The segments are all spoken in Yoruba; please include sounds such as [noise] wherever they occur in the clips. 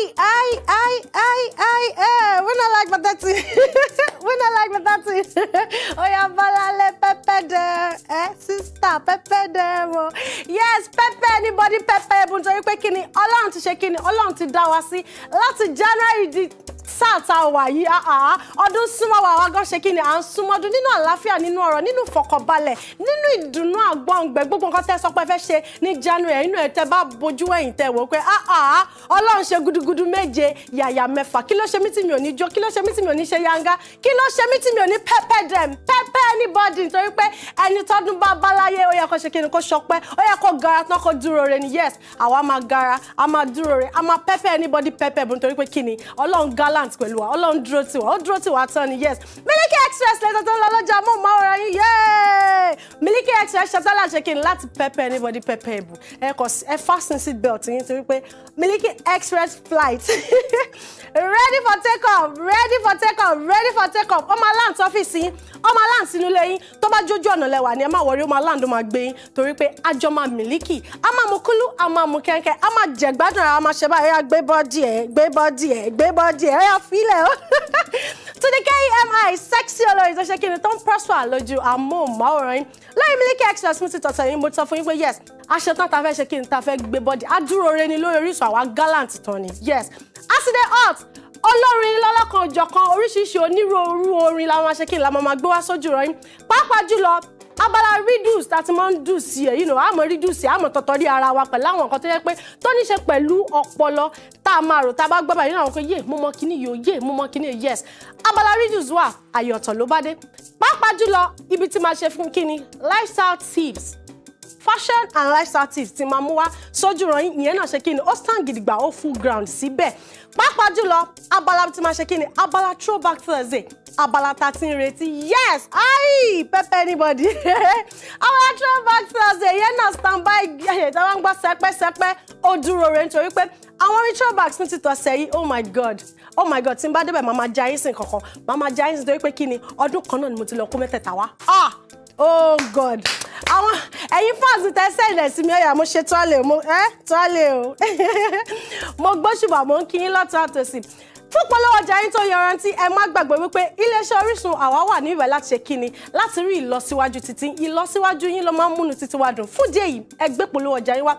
I I I I. ay, eh. When I like my tattoo. [laughs] when I like my Oh [laughs] yeah, balale Pepe de. Eh, sister, Pepe de. Oh. Yes, Pepe. anybody Pepe? Bunjo, you pe kini. Ọlọ́run ti ṣe kini. Ọlọ́run ti dá wa sí. January di sáà tá a wà yìí ọdún súnmọ́ wa wá gan ṣe kí ni à ń súnmọ́dún nínú àlàáfíà nínú ọ̀rọ̀ nínú ìfọ̀kànbalẹ̀ nínú ìdùnnú àgbọ̀ǹgbẹ̀ gbogbo nǹkan tẹ́ sọ pé fẹ́ ṣe ní January inú ẹ̀ tẹ́ bá bojú ẹ̀yìn tẹ́ wò pé ah, ah, ah, Ọlọ́run ṣe gudugudu méje yàyà mẹ́fà kí ló ṣe mí tí mi ò ní jó kí ló ṣe mí tí mi ò ní ṣe yanga kí ló ṣe mí tí mi ò ní pẹ́pẹ́ dem pẹ́pẹ́ anybody nítorí pé ẹni tọ́dún bá báláyé ó yẹ kó ṣe kí ni kó ṣọpẹ́ ó yẹ kó gara tán kó dúró re ni yes àwa máa gara a máa dúró re a máa pẹ́pẹ́ anybody pẹ́pẹ́ bu nítorí pé kí Ọlọ́run gala gallant pẹ̀lú wa ọlọ́run dúró tì wá ó dúró tì wá tán ni yes Miliki Express lẹ́sẹ̀ tó ń lọ lọ́jà mọ́ máa rọra yín yéé Miliki Express ṣàtàlà ṣe kí n láti pẹ́pẹ́ anybody pẹ́pẹ́ ìbò ẹ kò ẹ fasten seat belt yín torí pé Miliki Express flight [laughs] ready for take off ready for take off ready for take off ọmọ land ọ́fíìsì yín ọmọ land sínú ilé yín tó bá jójú ọ̀nà lẹ́wà ni ẹ má wọrí ọmọ land ó máa gbé yín torí pé àjọ máa Miliki a máa mu kúlú a máa mu kẹ́ńkẹ́ a máa jẹ̀gbádùn ara a máa ṣe báyìí gbé bọ́dì ẹ̀ gbé bọ́dì ẹ̀ gbé bọ́dì ẹ̀ ya filẹ̀ o. [laughs] to the KMI sexy olórin is ṣe kí ni tó ń pọ́sọ̀ àlòjù àmóhùnmáwòrán yín lórí Miliki Express fún ti tọ̀tọ̀ yín mo sọ fún yín pé yes aṣetán ta fẹ́ ṣe kí A ta fẹ́ gbé bọ́dì adúróore ni lórí Orísun àwa gallant tán ni yes aside hot olórin lọ́lọ́kan-ò-jọ̀kan oríṣiríṣi onírúurú orin la ma ṣe kí ni la máa gbé wá sójú rọ yín pàápàá jùlọ abala reduce tá a ti máa ń dùn sí ẹ̀ yìí àmọ́ reduce àmọ́ tọ̀tọ̀ rí ara wa pẹ̀lú àwọn nǹkan tó yẹ pé tó ní ṣe pẹ̀lú ọpọlọ tá a máa rò tá a bá gbọ́bà nínú àwọn kan yé mo mọ kíní yìí o yé mo mọ kíní yes abala reduce wà àyọ̀tọ̀ ló bá dé pàápàá jùlọ ibi tí máa ṣe fún kíni lifestyle tips fashion and lifestyle tips ti máa mú wá sójú ìròyìn ìyẹn náà ṣe kí ni ó stand gidigba ó full ground síbẹ̀ pàápàá jùlọ abala ti máa ṣe kí ni abala throwback thursday abala ta ti ń retí yes ayi pepper anybody [laughs] abala throwback thursday yẹn náà stand by ìjọba ń gbọ́ sẹpẹsẹpẹ ó dúró re nítorí pé àwọn ritual bags tún ti tọ̀sẹ̀ yìí oh my god oh my god tí n bá débẹ̀ màá máa jẹ àyínsìn kankan màá máa jẹ àyínsìn torí pé kí ni ọdún kan náà ni mo ti lọ kó mẹ́tẹ̀ẹ̀ta wá. ah oh god àwọn ẹ̀yin fans tẹ́sẹ̀ ilẹ̀ sí mi ọ̀yà mo ṣe tọ́lẹ̀ mo ẹ́ tọ́lẹ̀ o [laughs] mo gbóṣùbà mo ń kí yín lọ́tọ̀ àtòsí fún polówó ọjà yín tó yanrantí ẹ má gbàgbé wípé iléeṣẹ́ Orísun àwa wà ní ìwẹ̀ láti ṣe kíni láti rí ìlọsíwájú títí ìlọsíwájú yín ló máa ń múnu títí wá dùn fún díẹ̀ yìí ẹ gbé polówó ọjà yín wá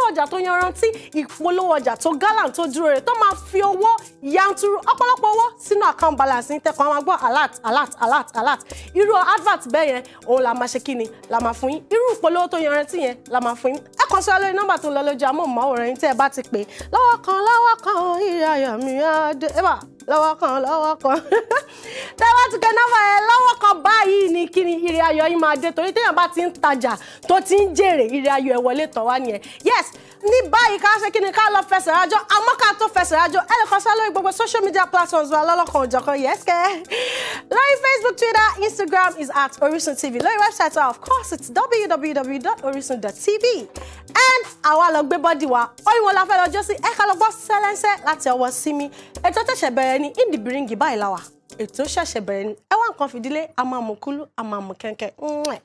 polówó ọjà tó yanrantí ìpolówó ọjà tó gallant tó dúró rẹ̀ tó máa fi owó yanturu ọ̀pọ̀lọpọ̀ owó sínú account balance ní tẹ́kọ̀ọ́ máa gbọ́ alert alert alert alert irú advert bẹ́ẹ̀ yẹn òun la máa ṣe kí ni la máa fún yín irú ìpolówó tó yanrantí yẹn la máa fún yín ẹ kàn sọ lórí nọ́mbà tó ń lọ lójú amóhùnmáwòrán yín tẹ́ ẹ bá ti pè lọ́wọ́ kan lọ́wọ́ kan ìyá mi á ẹ bá lọ́wọ́ kan lọ́wọ́ kan [laughs] tẹ́ bá ti kẹ́ nọ́mbà yẹn lọ́wọ́ kan báyìí ni kí ni ire ayọ̀ yín máa dé torí téèyàn bá ti ń tajà tó ti ń jèrè ire ayọ̀ ẹ̀ wọlé tán wá nìyẹn yes ní báyìí ká ṣe kí ni ká lọ fẹsẹ̀ rájọ àmọ́ ká tó fẹsẹ̀ rájọ ẹ lè kàn sá lórí gbogbo social media platforms wa lọ́lọ́kan òjọ̀kan yẹ́sìkẹ́ lórí Facebook Twitter Instagram is at Orisun TV lórí website wa of course it's www.orisun.tv and àwa lọ gbé bọ́dì wa orin wọn la fẹ́ lọ jó sí ẹ ká lọ gbọ́ sẹ́lẹ́nsẹ́ láti ọwọ́ sími ètò tẹ̀sẹ̀ bẹ̀rẹ̀ ni indibiringi báyìí la wà ètò ṣẹ̀ṣẹ̀ bẹ̀rẹ̀ ni ẹ wá nǹkan fìdílé a máa mú kúlú a máa kẹ́ńkẹ́ ń wẹ̀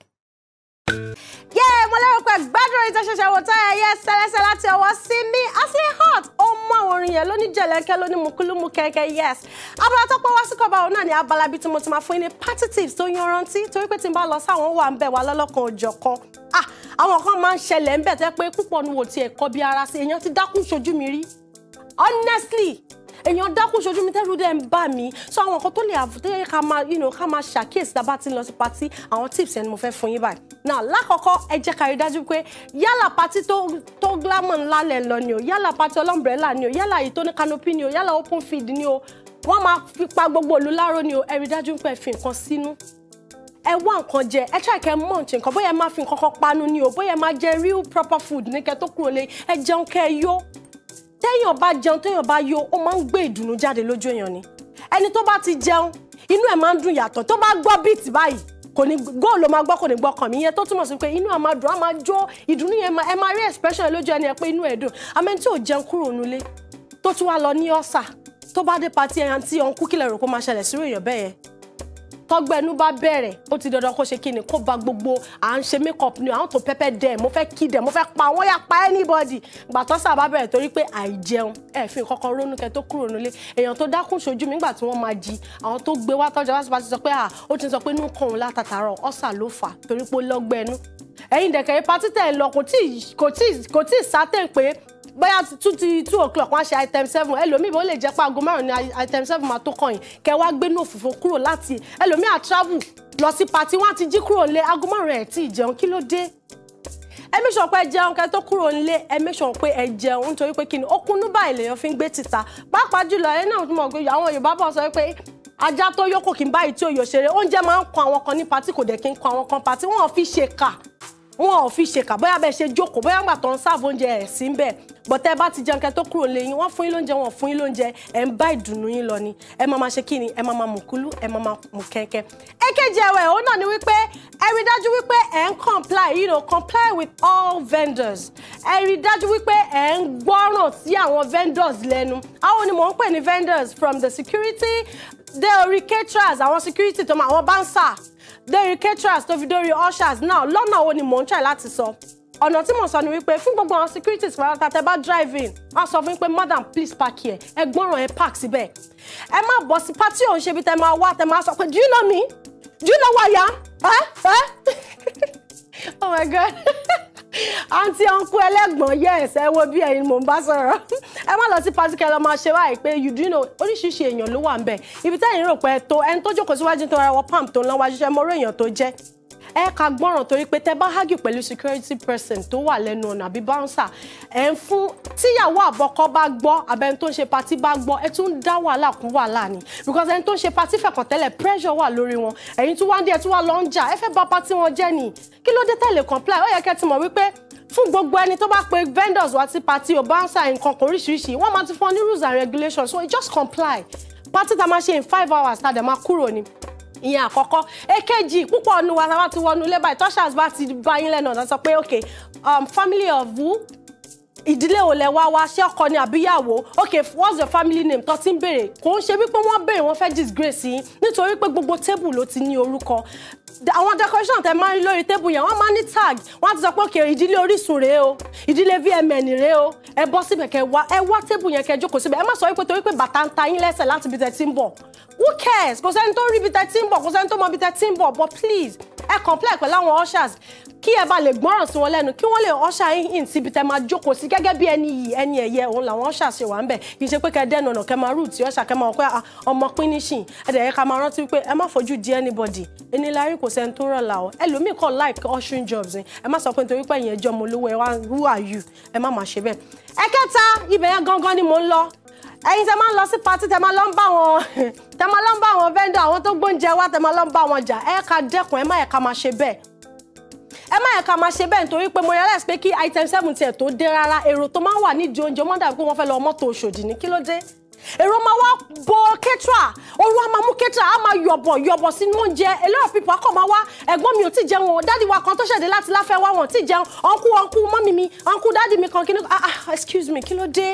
mo lérò pé gbádùn orin tó ṣẹ̀ṣẹ̀ wò tó ẹyẹ sẹ́lẹ́sẹ́ láti ọwọ́ sí mi àti hot ó mọ orin yẹn lóní jẹ̀lẹ́kẹ́ lóní mukulumu kẹ́kẹ́ yes abala tó pọ̀ wá sí kọ́ba òun náà ni abala bíi tí mo ti máa fún yín ní party tips tó yanrantí torí pé tí n bá lọ sáwọn wà ń bẹ̀ wá lọ́lọ́kan òjọ̀ kan ah, àwọn kan máa ń ṣẹlẹ̀ ń bẹ̀ tẹ́ pé púpọ̀ nu wò tiẹ̀ kọ́ bí ara sí èèyàn ti dákún ṣojú mi rí honestly èèyàn dákú ṣojú mi tẹ́rù dẹ́ ń bà mí so àwọn nǹkan tó lè àfùtẹ́ ká máa you know ká máa ṣàkíyèsí tá a bá ti ń lọ sí patí àwọn tips ẹni mo fẹ́ fún yín báyìí. náà lákọ̀ọ́kọ́ ẹ jẹ́ ká rí dájú pé yálà patí tó tó glamour ńlá lẹ̀ lọ ni o yálà patí ọlọ́mbrẹ́là ni o yálà èyí tó ní canopy ni o yálà open field ni o wọ́n máa fi pa gbogbo òlu láró ni o ẹ rí dájú pé ẹ fi nǹkan sínú ẹ wá nǹkan jẹ ẹ ṣáà kẹ mọ nǹkan bóyá ẹ máa fi nǹkan kan panu ni o bóyá ẹ máa jẹ real proper food ní kẹ tó kúrò lé ẹ jẹun kẹ yó téèyàn bá jẹun téèyàn bá yó ó máa ń gbé ìdùnnú jáde lójú èèyàn ni ẹni tó bá ti jẹun inú ẹ̀ máa ń dùn yàtọ̀ tó bá gbọ́ bíìtì báyìí kò ní góòlù ló máa gbọ́ kò ní gbọ́ kàn mí yẹn tó túmọ̀ sí pé inú ẹ̀ máa dùn á máa jó ìdùnnú yẹn ẹ máa rí expression lójú ẹni ẹ pé inú ẹ̀ dùn àmẹ́ni tí ò jẹun kúrò nulé tó tún wá lọ ní ọ̀sà tó bá dé patí ẹyàn tí ọ̀nkú kílẹ̀ rò kó máa ṣẹlẹ̀ sírò èèyàn bẹ́ẹ̀ yẹn tọ́gbẹ́nu bá bẹ̀rẹ̀ ó ti dandan kó ṣe kí ni kó ba gbogbo à ń ṣe makeup ni àwọn tó pẹ́pẹ́ dẹ̀ mo fẹ́ kí dẹ̀ mo fẹ́ pa wọ́n yà pa anybody gbàtọ́ sábà bẹ̀rẹ̀ torí pé àìjẹun ẹ̀ fi kọ́kọ́ ronú kẹ́ tó kúrò nílé èèyàn tó dákún ṣojú mi nígbà tí wọ́n máa jí àwọn tó gbé wá tọ́jú wá sọ pé ó ti sọ pé inú kan òun látàtàrọ̀ ọ̀sà ló fà torí pé ó lọ́gbẹ́nu ẹ̀yin dẹ̀kẹ̀ ipa títẹ̀ lọ kò tí kò tí kò tí sátẹ̀ pé bóyá two ti two o'clock wọ́n á ṣe item seven ẹlòmíì bó lè jẹ́ pé aago márùn-ún ni item seven máa tó kàn yín kẹ wá gbé ní òfófó kúrò láti ẹlòmíì à travel lọ sí party wọ́n á ti jí kúrò lé aago márùn-ún ẹ̀ tí ì jẹun kí ló dé ẹ make sure pé ẹ jẹun kẹ tó kúrò nílé ẹ make sure pé ẹ jẹun nítorí pé kí ni ó kúnnú báyìí lèèyàn fi ń gbé títa pàápàá jùlọ ẹ náà mọ̀ pé àwọn Yorùbá bọ̀ sọ pé ajá tó yókò kí n báyìí tí òyò ṣeré oúnjẹ máa ń kọ àwọn kan ní patí kò dẹ̀ kí n kọ àwọn kan patí wọn fi ṣe kà wọn ò fi ṣèkà bóyá bẹ́ẹ̀ ṣe jókòó bóyá gbà tó ń sáàbò oúnjẹ ẹ̀ sí ń bẹ̀ bọ̀tẹ́ bá ti jẹun kẹ́ tó kúrò lé yín wọ́n fún yín lóúnjẹ wọn fún yín lóúnjẹ ẹ̀ ń bá ìdùnnú yín lọ ni ẹ máa ma ṣe kí ni ẹ máa ma mùkúlú ẹ máa ma mù kẹ́kẹ́. èkejì ẹ̀wẹ̀ òun náà ni wípé ẹ rí dájú wípé ẹ ń comply you know comply with all vendors ẹ rí dájú wípé ẹ ń gbọ́ràn sí àwọn vendors lẹ́nu àwọn ni mò ń pè ní vendors from the security dé orí caterers àwọn security tó máa àwọn bouncer lórí caterers tó fi dórí ushers náà lọ́nà wo ni mò ń try láti sọ ọ̀nà tí mò ń sọ ni wípé fún gbogbo àwọn securities pàtàkì tẹ bá drive in wọ́n sọ fún pé madam please park here ẹ gbọ́ràn ẹ park síbẹ̀ ẹ má bọ̀ sí pátí òun ṣe bí tẹ máa wá tẹ máa sọ pé do you know me do you know who I am ẹ ẹ [laughs] oh my god àǹtí [laughs] uncle, ẹlẹ́gbọ̀n yes ẹ wo bí ẹ̀yin mò ń bá sọ̀rọ̀ [laughs] ẹ má lọ sí pati kẹlọ máa ṣe báyìí pé you do know oríṣiríṣi èèyàn ló wà ń bẹ̀ ibi tẹ́yìn rò pé tó ẹni tó jókòó síwájú tó ra wọ pam tó ń lọ wájú ṣe mọ́rọ́ èèyàn tó jẹ́ ẹ ka gbọ́ràn torí pé tẹ́ bá hágì pẹ̀lú security person tó wà lẹ́nu ọ̀nà àbí bouncer ẹ̀ ń fún tíyàwó àbọ̀kọ bá gbọ́ abẹ́ni tó ń ṣe patí bá gbọ́ ẹ tún ń dá wàhálà kún wàhálà ni because ẹni tó ń ṣe patí fẹ̀kọ̀tẹ́lẹ̀ pressure wà lórí wọn ẹ̀yin tún wá ń dé ẹ tún wá lọ ń jà ẹ fẹ́ bà patí wọn jẹ́ ni kí ló dé tẹ̀lé comply ó yẹ kẹ́ ti mọ̀ wípé fún gbogbo ẹni tó bá pe vendors wá sí patí ò bouncer nǹkan kan oríṣiríṣi wọ́n máa ti fún ọ ní rules and regulations so just comply patí ta máa ṣe in five hours ta dẹ̀ máa kúrò ni ìyẹn àkọ́kọ́ èkejì púpọ̀ nu wa tá a bá ti wọnú ilé báyìí tọ́ṣàs bá ti bá yín lẹ́nu ọ̀nà sọ pé ok um, family of who ìdílé ò lẹ wá wá ṣé ọkọ ni àbíyàwó okay what's your family name tó ti ń béèrè kò ń ṣe wípé wọ́n béèrè wọ́n fẹ́ disgrace yín nítorí pé gbogbo tébù ló ti ní orúkọ àwọn decoration tẹ máa ń lórí tébù yẹn wọ́n máa ní tag wọ́n á ti sọ pé òkè ìdílé Orísun rèé o ìdílé VMN rèé o ẹ bọ́ síbẹ̀ kẹ wá ẹ wá tébù yẹn kẹ jókòó síbẹ̀ ẹ má sọ wípé torí pé bàtà ń ta yín lẹ́sẹ̀ láti ibi tẹ ti ń bọ̀ who cares kò sẹ́ni tó rí ibi tẹ ti ń bọ̀ kò sẹ́ni tó mọ ibi tẹ ti ń bọ̀ but please ẹ complain pẹ̀lú àwọn ushers kí ẹ bá lè gbọ́ràn sí wọn lẹ́nu kí wọ́n lè usher yín in síbi tẹ máa jókòó sí gẹ́gẹ́ bí ẹni yìí ẹni ẹ̀yẹ òun làwọn usher ṣe wà ń bẹ̀ kì í ṣe pé kẹ dẹ́nu ọ̀nà kẹ máa rú ti usher kẹ máa wọ pé ah, ọmọ pínísìn ẹ̀dẹ̀ yẹ ká máa rántí pé ẹ má fojú di anybody ẹni lárí k kò sẹ́ni tó rọ̀là o ẹlòmíì kọ́ like ushering jobs ni ẹ má sọ pé nítorí pé ìyẹn jọ mo lówó ẹ wá who are you ẹ má máa ṣe bẹ́ẹ̀. ẹ̀kẹta ibẹ̀ yẹn gangan ni mò ń lọ ẹ̀yin tẹ máa ń lọ sí patí tẹ máa lọ ń bá wọn [laughs] tẹ máa lọ ń bá wọn vendor àwọn tó gbóúnjẹ wá tẹ máa lọ ń bá wọn jà ẹ ká dẹ́kun ẹ má yẹ ká máa ṣe bẹ́ẹ̀ ẹ má yẹ máa ṣe bẹ́ẹ̀ nítorí pé mo realize pé kí item seven tiẹ̀ tó dé rárá èrò tó máa ń wà nídìí oúnjẹ mọ́dà pé wọ́n fẹ́ lọ mọ́tò Òṣòdì ní kí ló dé èrò máa wá bo kẹ́tìrà ooru á máa mú kẹ́tìrà á máa yọ̀bọ̀ yọ̀bọ̀ sínú oúnjẹ a lot of people akọ̀ máa wá ẹ̀gbọ́n mi ò tí jẹun o dáàdi wa kan tó ṣẹ̀dẹ̀ láti láfẹ́ wá wọn ò tí jẹun ọ̀nkú ọ̀nkú mọ́mì mi ọ̀nkú dáàdi mi kan kí ló ah ah excuse me kí ló dé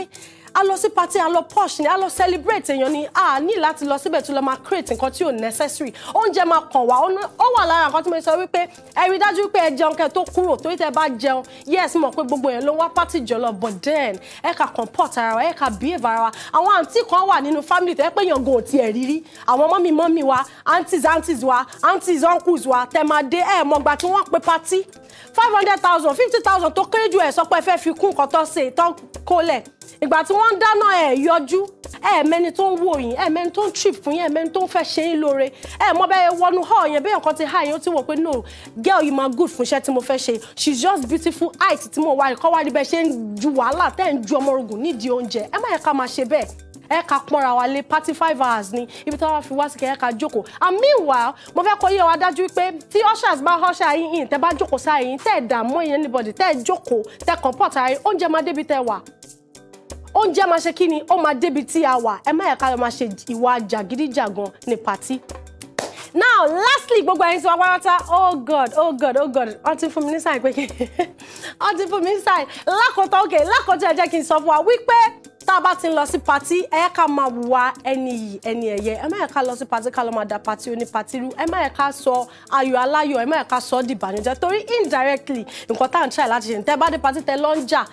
a lọ sí party a lọ posh ni a lọ celebrate èèyàn ni a ní láti lọ síbẹ̀ tó lọ máa create nǹkan tí ò necessary oúnjẹ máa kàn wá ó wà lára nǹkan tí mo sọ wípé ẹ rí dájú pé ẹ jẹun kẹ tó kúrò torí tẹ bá jẹun yes mọ̀ pé gbogbo yẹn ló wá party jọlọ but then ẹ kà comport ara wa ẹ kà behave ara wa àwọn àǹtí kan wà nínú family tẹ pé yàngàn ò tiẹ̀ rírí àwọn mọ́mí mọ́mí wa aunties aunties wa aunties uncles wa tẹ máa dé ẹ̀ mọ̀gbà tí wọ́n pe party five hundred thousand fifty thousand tó kéré jù ẹ̀ sọ pé ẹ fẹ́ fi kún nǹkan tó ṣe tó kólẹ̀ ìgbà tí wọ́n ń dáná ẹ̀ yọjú ẹ̀ mẹ́ni tó ń wò yín ẹ̀ mẹ́ni tó ń trip fún yín ẹ̀ mẹ́ni tó ń fẹ́ ṣe yín lóore ẹ̀ mọ́ bẹ́ẹ̀ wọnú hall yẹn bẹ́ẹ̀ nǹkan ti há yẹn ó ti wọ̀ pé no girl you ma good fún iṣẹ́ tí mo fẹ́ ṣe she's just beautiful height tí mo wà kọ́ wá níbẹ̀ ṣe ń ju wàhálà tẹ́ ń ju ọmọ ogun nídìí oúnjẹ ẹ má yẹ ká máa ṣe bẹ́ẹ̀ ẹ ká pọnra wa lé party five hours ni ibi tí wọn fi wá sí kẹ ẹ ká jókòó and meanwhile mo fẹ́ kó yé wa dájú pé tí ushers bá usher yín in tẹ́ bá jókòó sáà yín tẹ́ ẹ dààmú anybody tẹ́ ẹ jókòó tẹ́ kàn pọ̀ tààyè oúnjẹ máa débi tẹ́ wà oúnjẹ máa ṣe kí ni ó máa débi tí a wà ẹ má yẹ ká lọ máa ṣe ìwà jàgídíjàgan ní pàtí now lastly gbogbo ẹyin tí wọn pátá oh god oh god oh god wọn ti fún mi ní sign pé kí [laughs] wọn ti fún mi ní sign lákòótọ́ ok lákòótọ́ ẹ jẹ́ kí n sọ fún wa wípé tá a bá ti ń lọ sí patí ẹ yẹ ká máa wùwà ẹni yìí ẹni ẹ̀yẹ ẹ má yẹ ká lọ sí patí ká lọ máa da patí oní patí rú ẹ má yẹ ká sọ ayọ̀ aláyọ̀ ẹ má yẹ ká sọ ọ́ di ìbànújẹ́ torí indirectly nǹkan tá à ń ṣàì láti ṣe tẹ́ bá dé patí tẹ́ lọ ń jà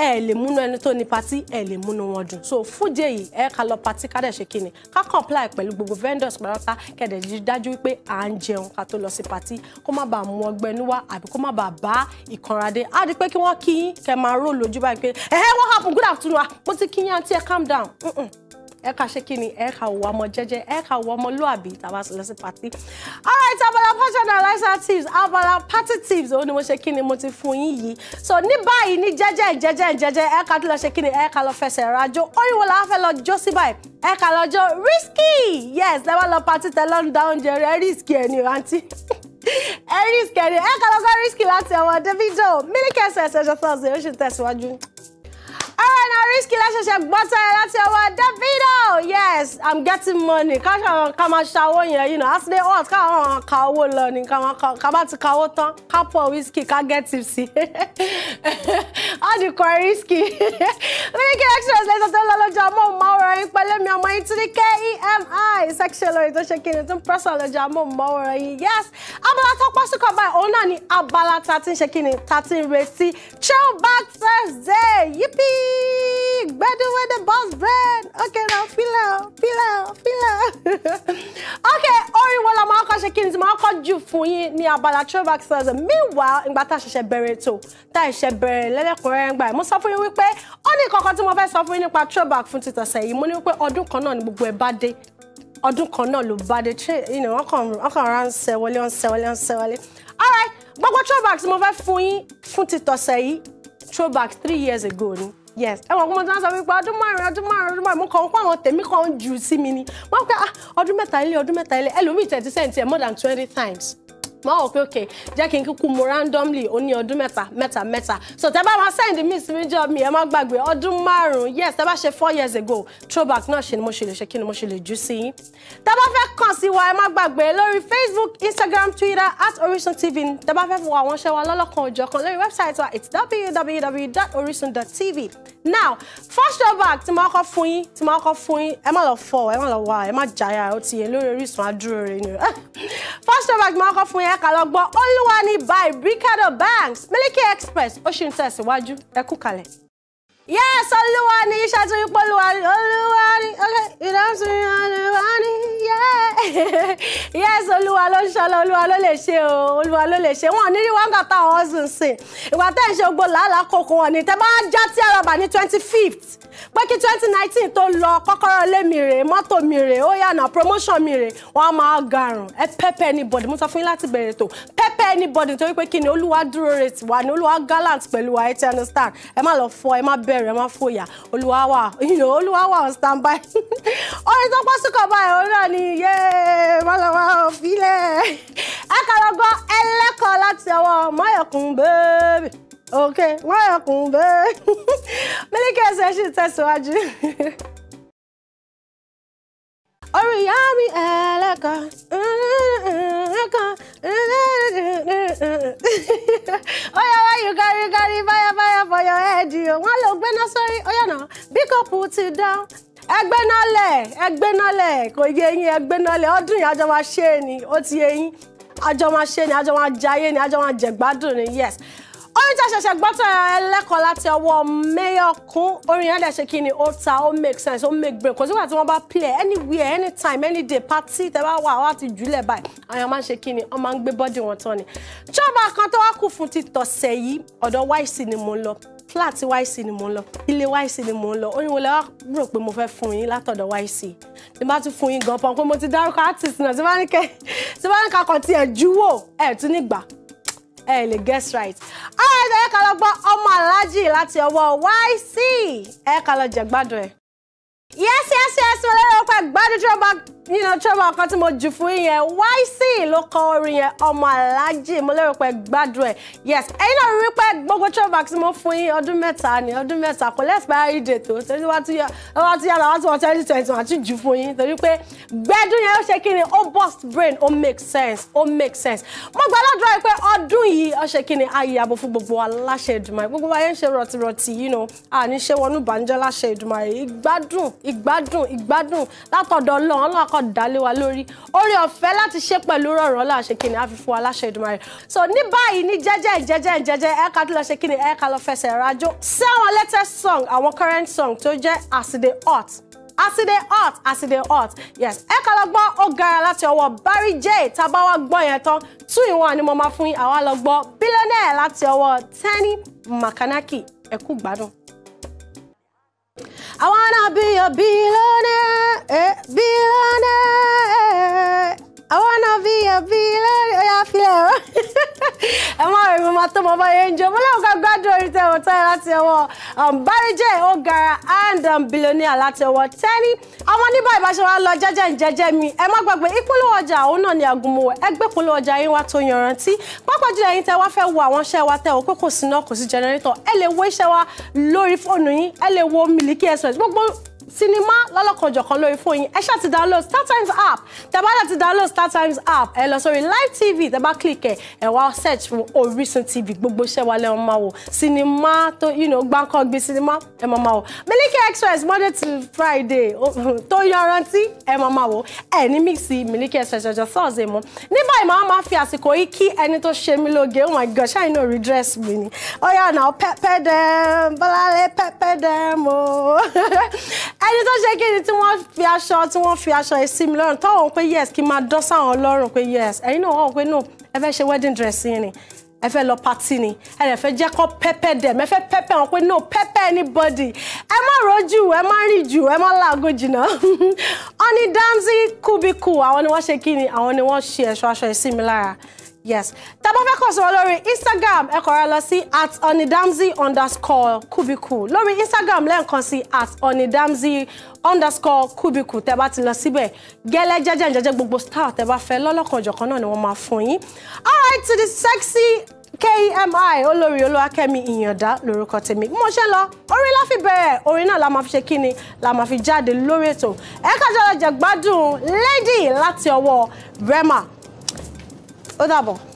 ẹ lè múnú ẹni tó ní patí ẹ lè múnú wọn dùn so fújẹ yìí ẹ ká lọ patí ká dẹ̀ ṣe kíni ká comply pẹ̀lú gbogbo vendors pàtàkì kẹ̀dẹ̀ jí dájú wípé à ń jẹun ká tó lọ sí patí kó má bàa mú ọgbẹ́ inú wá àbí kó má bàa bá ìkanradé á di pé kí wọ́n kí yín kẹ́ máa ró lójú báyìí pé ẹ̀hẹ́ what happen good afternoon ah, mo ti kí yín àǹtí ẹ calm down. Mm -mm ẹ ká ṣe kí ni ẹ ká wo ọmọ jẹ́jẹ́ ẹ ká wo ọmọlúàbí tàbá lọ sí pàtí. all right abala fashion and tips abala party tips òun ni mo ṣe kí ni mo ti fún yín yìí so ní báyìí ní jẹ́jẹ́ jẹ́jẹ́ jẹ́jẹ́ ẹ ká tó lọ ṣe kí ni ẹ ká lọ fẹsẹ̀ rajó orí wo la fẹ́ lọ jó sí báyìí ẹ ká lọ jó risky yes ẹ wá lọ pàtí tẹ lọ́ndà oúnjẹ rẹ risky ẹ ni àǹtí ẹ risky ẹ ni [laughs] ẹ ká lọ sọ risky láti ọwọ́ Davido Miliki Express ẹ̀ṣẹ̀ thursday ó ṣe tẹ̀síwájú. Risky lẹ́sẹ̀ṣẹ̀ gbọ́sẹ̀ láti ọwọ́ Davido yes I'm getting money káṣà ká máa ṣàwó yẹn you know as they hot come on, cow learning, come on, come ti to cow tán ká pọ̀ whiskey, ká get tipsy [laughs] all the quite Risky Miliki extra. lẹ́sẹ̀ tó lọ lọ́jọ́ amóhùnmáwòrán yín pẹ̀lú me ọmọ yín to the KEMI section lórí tó ṣe kí ni tó ń pẹ́sàn lọ́jọ́ amóhùnmáwòrán yes I'm tó pọ́ sí kọ́ cup. By owner, ni abala tá ti ń ṣe kí ni tá chill back Thursday yippee. Better with the boss brand. Okay now pillow, pillow, pillow. okay orin you la máa kọ́ ṣe kí ni tí call kọ́ jù fún yín ní throwback songs. meanwhile ìgbà tá a ṣẹ̀ṣẹ̀ bẹ̀rẹ̀ ètò tá a ṣẹ̀ṣẹ̀ Let lẹ́lẹ́kùnrẹ́rẹ́ go gbà ẹ̀ mo sọ fún yín wípé ó ní kankan tí mo fẹ́ sọ fún yín nípa throwback fún títọ̀ sẹ́yìn mo ní wípé ọdún kan náà ni gbogbo ẹ̀ bá dé ọdún kan náà ló bá dé ṣé wọn kàn rán ṣẹ wọlé wọn all right gbogbo throwback tí mo fẹ́ fún yín fún títọ̀sẹ̀ yìí throwback three years ago ni yes ẹwọn kó mo ti máa sọ wípé ọdún márùn ọdún márùn ọdún márùn mo kàn ń kó àwọn tèmi kan jù sí mi ni wọn pẹ ah, ọdún mẹ́ta ilé ọdún mẹ́ta ilé ẹlòmíì tẹ̀tí sẹ́ǹtì ẹ̀ more than twenty times máa wọ̀ pé okay jẹ́ kí n kúkú mo randomly ó ní ọdún mẹ́ta mẹ́ta mẹ́ta so tẹ́ bá máa send mi sí mi jọ mi ẹ má gbàgbé ọdún márùn yes tẹ́ bá ṣe four years ago throwback náà ṣe ni mo ṣe lè ṣe kí ni mo ṣe lè jù sí yín bá fẹ́ kàn sí wa ẹ má gbàgbé lórí facebook instagram twitter at orisun tv tẹ́ bá fẹ́ fọ àwọn iṣẹ́ wa lọ́lọ́kan òjọ̀kan lórí website wa it's www.orisun.tv now first throwback tí mo kọ́ fún yín tí mo kọ́ fún yín ẹ má lọ fọ ẹ má lọ wá ẹ má jáyà ó ti yẹ lórí orísun adúró rẹ ni [laughs] first throwback tí mo kọ́ fún yín ẹ kà lọ gbọ́ olúwa ní by Ricardo Banks Miliki Express ó ṣì ń tẹ̀síwájú ẹ kú kalẹ̀ yes olúwa ni iṣẹ́ tún ipò olúwa ni olúwa ni ìdáhùn olúwa ni yes olúwa ló ń ṣọlọ olúwa ló lè ṣe o olúwa ló lè ṣe wọn ní ní wọn kà táwọn ọsùn sìn ìgbà tẹ́ ń ṣe gbogbo làálàá kòkó wọn ni tẹ́ bá já tí àràbà ní twenty fifth pé kí twenty nineteen tó lọ kọ́kọ́rọ́ lé mi rèé mọ́tò mi rèé ó yànnà promotion mi rèé wọ́n á máa garùn ẹ pẹ́pẹ́ anybody mo sọ fún yín láti bẹ̀rẹ̀ tó pẹ́pẹ́ anybody nítorí pé kí ni olúwa dúró retí wa ni olúwa gallant pẹ̀lú wa ẹ ti understand ẹ má lọ fọ ẹ má bẹ̀rẹ̀ bẹ̀rù ẹ má fòyà olúwa wà olúwa wà on stand by orin [laughs] tó pọ́ síkọ̀ báyìí òun náà ni yé mọ́lọ́wọ́ òfìlẹ̀ ẹ kà lọ gbọ́ ẹlẹ́kọ̀ọ́ láti ọwọ́ Máyọ̀kún bẹ́ẹ̀bì ok Máyọ̀kún bẹ́ẹ̀ [laughs] Miliki Express ṣì tẹ̀síwájú. [laughs] orí ìyá mi ẹlẹ́kọ̀ ẹlẹ́kọ̀ ó yá wá yù kárí kárí báyà báyà bọ̀yọ̀ ẹ̀ẹ́dì o wọ́n lọ gbéná sórí ó yànà bí kọ́pù ti dán ẹgbẹ́nálẹ̀ ẹgbẹ́nálẹ̀ kò yé yín ẹgbẹ́nálẹ̀ ọdún yìí àjọ máa ṣe é ni ó ti yé yín àjọ máa ṣe é ni àjọ máa ni àjọ máa ni yes orin tí a ṣẹ̀ṣẹ̀ gbọ́ tó ẹlẹ́kọ̀ọ́ láti ọwọ́ Mayokun orin yẹn dẹ̀ ṣe kí ni ó ta ó make sense ó make brain kò sígbà tí wọ́n bá play anywhere anytime any day party tẹ bá wà wá ti jùlẹ̀ báyìí àwọn máa ń ṣe kí ni wọ́n máa ń gbé bọ́dì wọn tán ni. chọ́ba kan tó wá kù fún ti tọ̀sẹ̀ yìí ọ̀dọ̀ YC ni mo ń lọ flat YC ni mo ń lọ ilé YC ni mo ń lọ orin wo lẹ wá rò pé mo fẹ́ fún yín látọ̀dọ̀ YC tí bá tún fún yín gan pọ̀ pé mo ti dárúkọ artist náà tí bá ní ká kàn tiẹ̀ júwò ẹ̀ tún nígbà ẹ lè guess right. alright ẹ ká lọ gbọ́ ọmọ aláàjì láti ọwọ́ YC ẹ ká lọ jẹ gbádùn ẹ. yes yes yes mo lérò pé gbádùn tí wọ́n bá you know travel kan tí mo jù fún yín yẹn YC ló kọ orin yẹn ọmọ aláàjì mo lérò pé gbádùn ẹ yes ẹ̀yin náà rí pé gbogbo travel tí mo fún yín ọdún mẹ́ta ni ọdún mẹ́ta kò lẹ́sìpáyà ìdè tó torí wá tí wá tí yàrá wá tí wọ́n twenty twenty one àti jù fún yín torí pé gbẹ́dùn yẹn ó ṣe kí ni ó burst brain ó make sense ó make sense mo gba lọ́dọ̀ ẹ pé ọdún yìí ó ṣe kí ni ayé àbò fún gbogbo aláṣẹ ìdùnmọ̀ gbogbo wa yẹn ń ṣe rọ̀tìrọ̀tì yìí nù àní ṣé wọnú bànújẹ́ láṣẹ ìdùnmọ̀ ìgbádùn ìgbádùn ìgbádùn látọ̀dọ̀ ọlọ́run ọlọ́run kọ́kọ́ dálé wa lórí oore ọ̀fẹ́ láti ṣe pẹ̀lú rọ̀rùn ọlá àṣekínni á fi fún wa láṣẹ Èdùmàrè so ní báyìí ní jẹ́jẹ́ jẹ́jẹ́ jẹ́jẹ́ ẹ ká tó lọ ṣe kí ni ẹ ká lọ fẹsẹ̀ rájò sí àwọn latest song àwọn current song tó jẹ́ àsìdè hot àsìdè hot àsìdè hot yes ẹ ká lọ gbọ́ ó gara láti ọwọ́ Barry J tábà wá gbọ́ yẹn tán two in one ni mo máa fún yín àwa lọ gbọ́ billionaire láti ọwọ́ Tenny Makanaki ẹ kú gbádùn. I wanna be a billionaire, a eh, billionaire. I wanna be a villain ọ̀yà filẹ̀ ẹ̀rọ ẹ má rẹ̀ mo máa tó mọ báyẹn ń jẹ mo lẹ́wọ̀n ká gbádùn orí tẹ̀ wọ́n tẹ́lẹ̀ láti ọwọ́ um, Báríjẹ́ Ogara and um, billionaire láti ọwọ́ Tenny àwọn oníbà ìbáṣe wa lọ jẹ́jẹ́ ìjẹ́jẹ́ mi ẹ má gbàgbé ìpolówó ọjà òun náà ni àgùnmọ̀wẹ̀ ẹgbẹ́ polówó ọjà yín wá tó yanrantí pàápàá jùlọ ẹ̀yin tẹ́ wá fẹ́ wo àwọn iṣẹ́ wa tẹ́ wò pé kò sí náà kò sí jẹnẹrétọ̀ ẹ lè wo iṣẹ́ wa lórí fóònù yín ẹ lè wo Miliki Express gbogbo sinimá lọ́lọ́kanjọ̀kan lórí fún yín ẹ ṣáà ti download StarTimes app tẹ́bá dẹ̀ ti download StarTimes app ẹ lọ sórí live tv tẹ́bá click ẹ̀ ẹ wá search fún Orísun TV gbogbo iṣẹ́ wa lẹ́wọ̀n máa wò sinimá tó you know gbáǹkan gbé sinimá ẹ máa máa wò Miliki Express Monday to Friday [laughs] tó yanrantí ẹ máa máa wò ẹ ní mixi Miliki Express ọjọ́ Thursday mọ́ ní báyìí màá máa fi àsìkò yìí kí ẹni tó ṣe mí lóge oh my gosh I know redress mi ni ó yà náà pẹ́pẹ́ dẹ́m bọ́lá lé pẹ́pẹ́ [laughs] ẹni tó ṣe kíni tí wọ́n fi aṣọ tí wọ́n fi aṣọ yìí sí mi lọ́rùn tọ́wọ́n pé yes kí n máa dán sáwọn lọ́rùn pé yes ẹ̀yin náà wọ́n pé no ẹ fẹ́ ṣe wedding dressing ni ẹ fẹ́ lọ pati ni ẹ lè fẹ́ jẹ́ kọ́ pẹ́pẹ́ dẹ̀ mẹ́fẹ́ pẹ́pẹ́ wọn pé no pẹ́pẹ́ anybody ẹ má rojú ẹ má rìn jù ẹ má làágùn jìnnà [laughs] Honey Damsy Kubiku àwọn ni wọ́n ṣe kíni àwọn ni wọ́n ṣe ẹ̀ṣọ́ aṣọ yìí sí mi lára yes tá a bá fẹ́ lórí instagram ẹ kàn lọ sí at onidamzi underscore kubiku lórí instagram lẹ́ẹ̀kan sí at onidamzi underscore kubiku tẹ́ bá ti lọ síbẹ̀ gẹ́lẹ́ jẹ́jẹ́ jẹ́jẹ́ gbogbo style tẹ́ bá fẹ́ lọ́lọ́kanjọ̀kan náà ni wọ́n máa fún yín all right to the sexy kmi olórí olúwakẹ́mi ìyàndá lórúkọ tèmi mo ṣe lọ orin la fi bẹ̀rẹ̀ orin náà la máa fi ṣe kíni la máa fi jáde lórí ètò ẹ kájọ lọ jẹ gbádùn lady láti ọwọ́ Rema ou dá bom?